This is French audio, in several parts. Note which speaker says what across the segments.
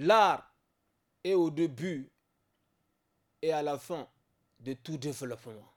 Speaker 1: L'art est au début et à la fin de tout développement.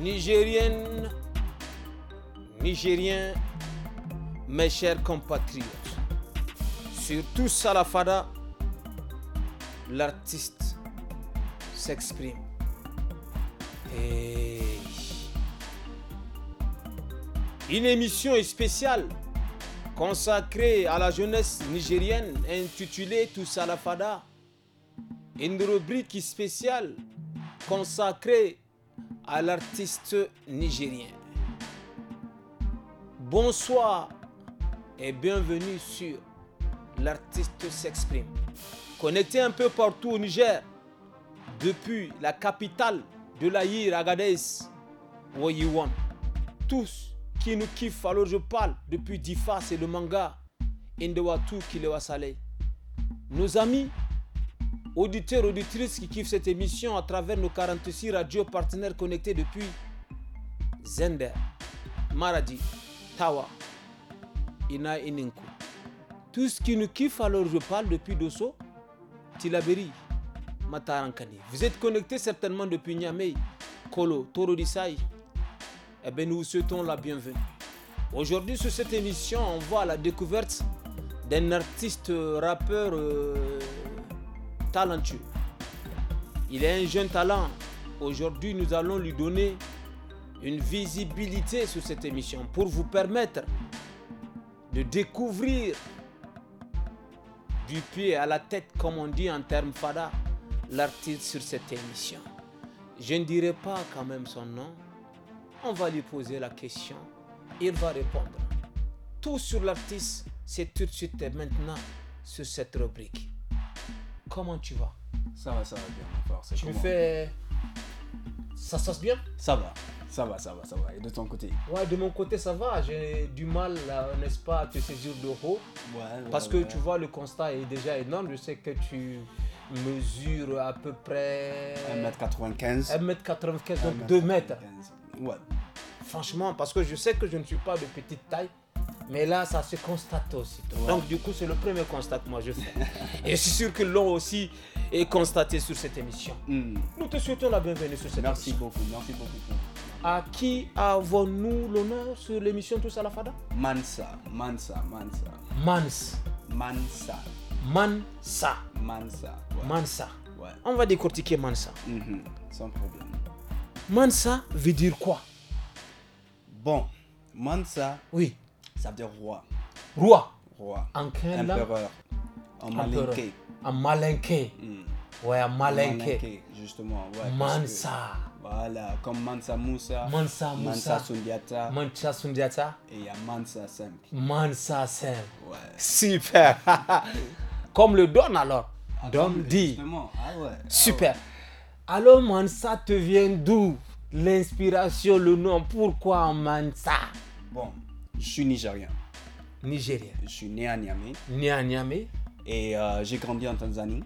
Speaker 1: Nigérienne, Nigérien, mes chers compatriotes, surtout Salafada, l'artiste s'exprime. Et une émission spéciale consacré à la jeunesse nigérienne intitulé Tous à Fada. Une rubrique spéciale consacrée à l'artiste nigérien. Bonsoir et bienvenue sur L'artiste s'exprime. Connecté un peu partout au Niger, depuis la capitale de l'Aïr, Agadez, Woyiwam. Tous qui nous kiffe, alors je parle depuis Difa, c'est le manga Indewatu Kilewasale. Nos amis, auditeurs, auditrices qui kiffent cette émission à travers nos 46 radios partenaires connectés depuis Zender, Maradi, Tawa, Ina Ininku. Tout ce qui nous kiffe, alors je parle depuis Dosso, Tilaberi, Matarankani. Vous êtes connectés certainement depuis Niamey, Kolo, Torodisai, eh bien, nous vous souhaitons la bienvenue. Aujourd'hui, sur cette émission, on voit la découverte d'un artiste euh, rappeur euh, talentueux. Il est un jeune talent. Aujourd'hui, nous allons lui donner une visibilité sur cette émission pour vous permettre de découvrir du pied à la tête, comme on dit en termes fada, l'artiste sur cette émission. Je ne dirai pas quand même son nom, on va lui poser la question, il va répondre. Tout sur l'artiste, c'est tout de suite et maintenant sur cette rubrique. Comment tu vas Ça va, ça va bien. Encore. Tu me fais. Ça se passe bien Ça va, ça va, ça va, ça va. Et de ton côté Ouais, de mon côté, ça va. J'ai du mal, n'est-ce pas, à te saisir de haut. Ouais, parce que tu vois, le constat est déjà énorme. Je sais que tu mesures à peu près.
Speaker 2: 1m95. 1m95, donc 1m95. 2 mètres.
Speaker 1: Franchement, parce que je sais que je ne suis pas de petite taille. Mais là, ça se constate aussi. Donc, du coup, c'est le premier constat que moi je fais. et je suis sûr que l'on aussi est constaté sur cette émission. Hmm. Nous te souhaitons la bienvenue sur cette émission. Merci beaucoup, merci beaucoup. À qui avons-nous l'honneur sur l'émission Tous à la Fada Mansa, Mansa, Mansa. Mansa. Mansa. Mansa. Mansa. On va décortiquer Mansa. Mhm, sans problème. Mansa veut dire quoi
Speaker 2: Bon, Mansa, oui. ça veut dire roi. Roi
Speaker 1: Roi. En Empereur. En malinqué. En malinqué. Hmm. Ouais, en malinqué.
Speaker 2: justement. Ouais, Mansa. voilà, comme Mansa Moussa. Mansa Moussa. Mansa Sundiata.
Speaker 1: Mansa Sundiata.
Speaker 2: Et il y a Mansa Sem.
Speaker 1: Mansa Sem. Ouais. Super. comme le don alors. Ah, don dit. Ah, ouais. Ah, Super. Alors Mansa te vient d'où L'inspiration, le nom, pourquoi Mansa Bon,
Speaker 2: je suis nigérien. Nigérien. Je suis né à Niamey.
Speaker 1: Né à Niamey.
Speaker 2: Et euh, j'ai grandi en Tanzanie.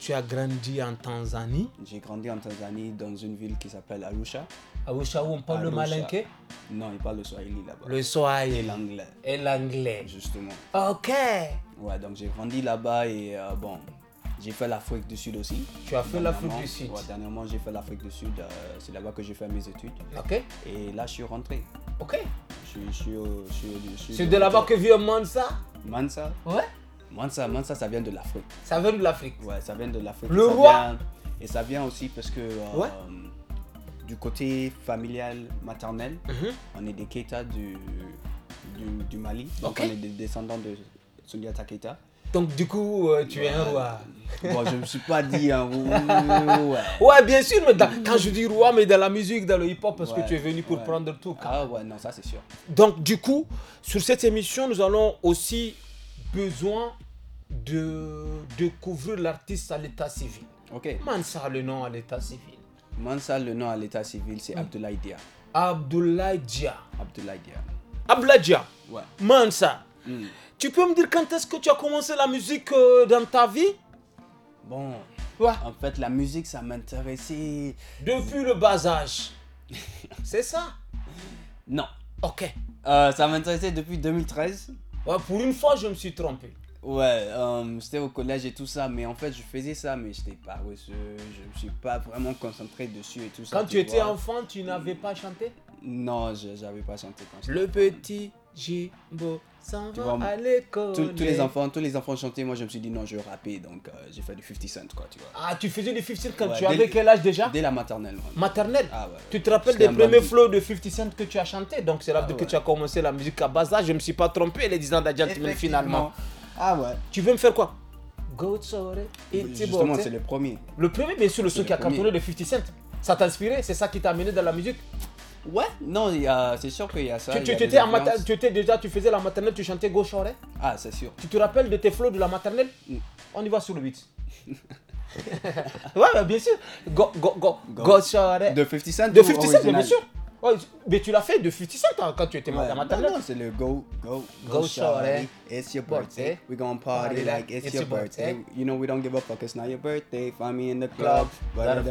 Speaker 1: Tu as grandi en Tanzanie J'ai
Speaker 2: grandi en Tanzanie dans une ville qui s'appelle Arusha.
Speaker 1: Arusha où on parle le malinké
Speaker 2: Non, il parle le swahili là-bas. Le swahili. Et l'anglais. Et l'anglais. Justement. Ok. Ouais, donc j'ai grandi là-bas et euh, bon, j'ai fait l'Afrique du Sud aussi. Tu as fait l'Afrique du Sud Dernièrement, j'ai fait l'Afrique du Sud. Euh, c'est là-bas que j'ai fait mes études. Ok. Et là, je suis rentré. Ok. Je, suis au. C'est de là-bas
Speaker 1: que vient Mansa
Speaker 2: Mansa Ouais. Mansa, Mansa, ça vient de l'Afrique. Ça vient de l'Afrique Ouais, ça vient de l'Afrique. Le roi Et ça vient aussi parce que. Euh, du côté familial, maternel, mhm. on est des Keita du, du, Mali. Donc on est des descendants de Sundiata Keita.
Speaker 1: Donc, du coup, euh, tu es un roi. je ne me suis pas dit un roi. Ouais. bien sûr, mais quand je dis roi, mais dans la musique, dans le hip-hop, parce que tu es venu pour prendre tout. Ah ouais, non, ça c'est sûr. Donc, du coup, sur cette émission, nous allons aussi besoin de, découvrir l'artiste à l'état civil. Ok. Mansa, le nom à l'état civil. Mansa, le nom à l'état civil, c'est mm. Abdoulaye Dia. Abdoulaye Dia. Abdoulaye Dia. Abdoulaye Dia. Ouais. Mansa. Mm. Tu peux me dire quand est-ce que tu as commencé la musique euh, dans ta vie Bon, quoi? en fait, la musique, ça m'intéressait. Depuis le bas âge. C'est ça Non. Ok.
Speaker 2: Euh, ça m'intéressait depuis 2013.
Speaker 1: Ouais, pour une fois, je me
Speaker 2: suis trompé. Ouais, euh, c'était au collège et tout ça, mais en fait, je faisais ça, mais j'étais pas, je me suis pas vraiment concentré dessus et tout ça. Quand tu, étais enfant,
Speaker 1: tu n'avais pas chanté
Speaker 2: Non, je n'avais pas chanté quand Le petit Jimbo
Speaker 1: à l'école. Tous, les enfants,
Speaker 2: tous les enfants chantaient. Moi, je me suis dit non, je vais rapper. Donc, euh, j'ai fait du 50 Cent, quoi, tu vois.
Speaker 1: Ah, tu faisais du 50 Cent quand tu avais quel âge déjà Dès la maternelle. Maternelle ah, ouais, Tu te rappelles des premiers flows de 50 Cent que tu as chanté Donc, c'est là ah, que tu as commencé la musique à base là, Je me suis pas trompé, les 10 ans d'Adjantman finalement. Ah ouais. Tu veux me faire quoi Goat et Justement, c'est le premier. Le premier, bien sûr, le son qui a cantonné de 50 Cent. Ça t'a inspiré C'est ça qui t'a amené dans la musique Ouais, non, y a- c'est sûr qu'il y a ça. Tu, tu- étais en tu étais déjà, tu faisais la maternelle, tu chantais Go Ah, c'est sûr. Tu te rappelles de tes flots de la maternelle mm. On y va sur le beat. ouais, bah, bien sûr. Go, go, go, Go. gauche De 50 Cent De Cent, bien sûr. mais tu l'as fait de 50 Cent quand tu étais Ouais, à bah, maternelle. non, c'est le Go, Go, Go,
Speaker 2: It's your birthday. birthday. we going party, like, like it's, it's your, your birthday. birthday. You know, we don't give a fuck. It's not your birthday. Find me in the club. Voilà. Donc,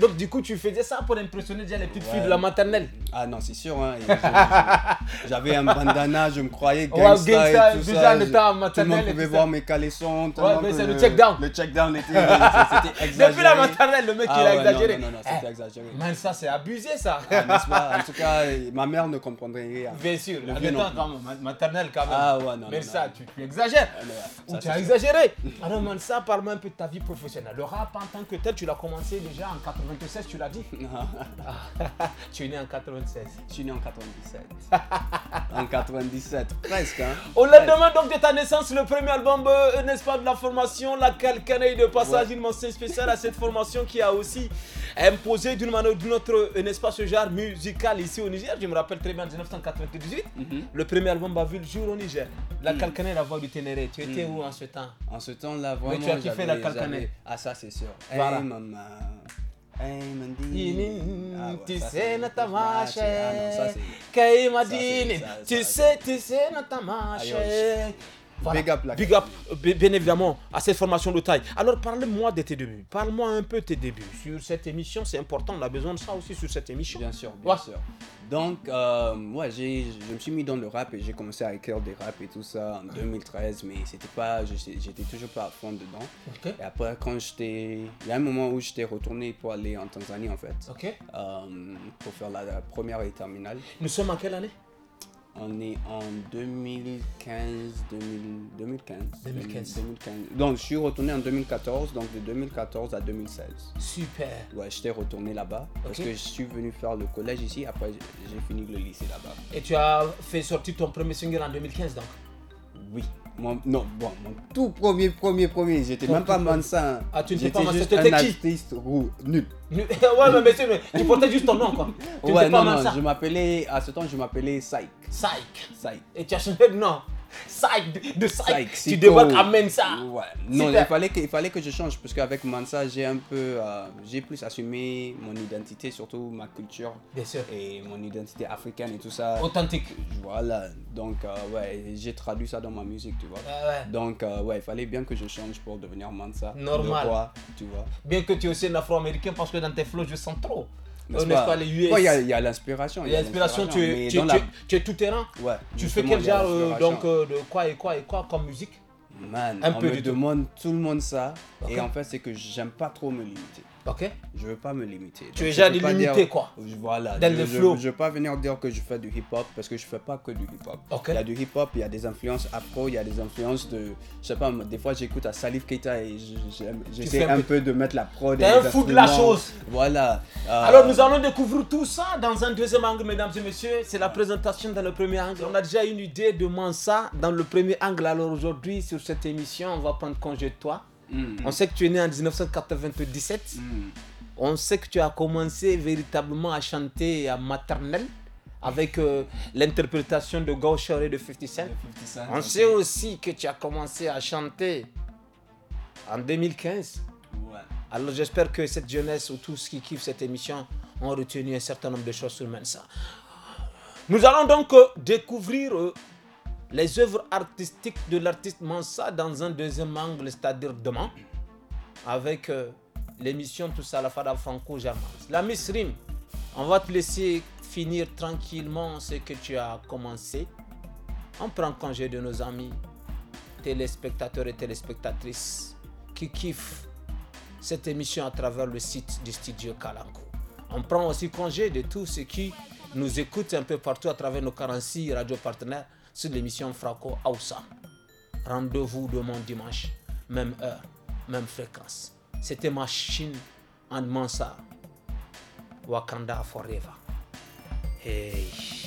Speaker 1: Donc, du coup, tu faisais ça pour impressionner déjà les petites filles de la maternelle. Ah non, c'est sûr. Hein.
Speaker 2: J'avais un bandana, je me croyais gangsta. Ouais, gangsta, et tout déjà maternelle. Tout le monde pouvait voir mes caleçons. Ouais, mais c'est le check-down. Le check-down était exagéré. Depuis la maternelle, le mec, ah il a exagéré. Non, non, non, c'était eh, exagéré. Mais ça,
Speaker 1: c'est abusé, ça. Ah, en tout cas, ma mère
Speaker 2: ne comprendrait rien sûr. Le ah, vieux non.
Speaker 1: maternelle quand même. Ah ouais, non. Mais ça, Tu, exagères. Ah, tu as exagéré. Alors, man, ça, parle-moi un peu de ta vie professionnelle. Le rap en tant que tel, tu l'as commencé déjà en 96, tu l'as dit Tu es né en 96. Je suis né en 97. en 97,
Speaker 2: presque. Hein. Au lendemain
Speaker 1: donc de ta naissance, le premier album, euh, n'est-ce pas, de la formation, la Calcaneille de passage, une mention spéciale à cette formation qui a aussi imposer d'une manière ou d'une autre un espace genre musical ici au Niger. Je me rappelle très bien en 1998, mhm. le premier album a vu le jour au Niger. La mhm. calcanée, la voix du Ténéré. Tu étais mhm. où en ce temps En ce temps, la voix. Mais tu as kiffé la Calcanet. Ah, ça, c'est sûr. Eh, voilà. Eh,
Speaker 2: ah, ah, hey, Tu sais,
Speaker 1: Madini. Tu sais, tu sais, Natamache. Big up, bien évidemment, à cette formation de taille. Alors, parle-moi de tes débuts. Parle-moi un peu de tes débuts. Sur cette émission, c'est important. On a besoin de ça aussi sur cette émission. Bien sûr, bien sûr. Donc, moi euh, je me suis mis
Speaker 2: dans le rap et j'ai commencé à écrire des raps et tout ça en 2013, mais c'était pas, j'étais toujours pas à fond dedans. Et après, quand j'étais, il y a un moment où j'étais retourné pour aller en Tanzanie en fait, Ok. Euh, pour faire la, la première et terminale. Nous sommes en quelle année on est en 2015, 2015, 2015. 2015. Donc, je suis retourné en 2014, donc de 2014 à 2016. Super. Ouais, je t'ai retourné là-bas parce que je suis venu faire le collège ici, après j'ai fini le lycée là-bas.
Speaker 1: Et tu as fait sortir ton premier single en 2015 donc
Speaker 2: Oui non, bon, mon tout premier, premier, premier, j'étais même pas Mansa. Ah, tu ne pas Mansa, un artiste ou nul. ouais, mais monsieur, mais tu portais juste ton nom, quoi. ouais, non, non, je m'appelais, à ce temps, je m'appelais Psyche. Saik. Et tu as changé de
Speaker 1: nom Psych, de psych, tu débarques, amène ça. Non, il fallait,
Speaker 2: que, fallait que je change, parce qu'avec Mansa, j'ai un peu, euh, j'ai plus assumé mon identité, surtout ma culture. Bien sûr. Et mon identité africaine et tout ça. Authentique. Voilà. Donc, euh, ouais, j'ai traduit ça dans ma musique, tu vois. Donc, euh, ouais, il fallait bien que je change pour devenir Mansa. Normal.
Speaker 1: tu vois. Bien que tu es aussi un afro-américain, parce que dans tes flows, je sens trop nest euh, pas, les US Il y a,
Speaker 2: l'inspiration. Il y a l'inspiration, tu, es, tout terrain. Ouais, tu fais quel genre euh, donc,
Speaker 1: euh, de quoi et quoi et quoi comme musique Man, un on peu me
Speaker 2: demande tout le monde ça. Et en fait, c'est que j'aime pas trop me limiter. Ok. Je veux pas me limiter. Tu es déjà limité quoi Voilà. Dans je, le flow. Je, veux pas venir dire que je fais du hip hop parce que je fais pas que du hip hop. Il y a du hip hop, il y a des influences afro, il y a des influences de. Je sais pas, des fois j'écoute à Salif Keita et j'essaie un, peu de mettre la prod. T'es un fou de la chose. Voilà. Euh, Alors nous
Speaker 1: allons découvrir tout ça dans un deuxième angle, mesdames et messieurs. C'est la présentation dans le premier angle. On a déjà une idée de Mansa dans le premier angle. Alors aujourd'hui, sur cette émission, on va prendre congé de toi. Mm. On sait que tu es né en 1997. Mm. On sait que tu as commencé véritablement à chanter à maternelle avec euh, l'interprétation de Gaucho et de 57. On sait aussi que tu as commencé à chanter en 2015. Alors j'espère que cette jeunesse ou tous qui kiffent cette émission ont retenu un certain nombre de choses sur Mensa. Nous allons donc euh, découvrir euh, les œuvres artistiques de l'artiste Mansa dans un deuxième angle, c'est-à-dire demain, avec euh, l'émission Tout à la Fada franco La Miss Rim, on va te laisser finir tranquillement ce que tu as commencé. On prend congé de nos amis téléspectateurs et téléspectatrices qui kiffent cette émission à travers le site du studio Kalanko. On prend aussi congé de tous ceux qui nous écoutent un peu partout à travers nos 46 radio partenaires sur l'émission Franco Aoussa. Rendez-vous demain dimanche, même heure, même fréquence. C'était Machine and Mansa. Wakanda Forever. Hey.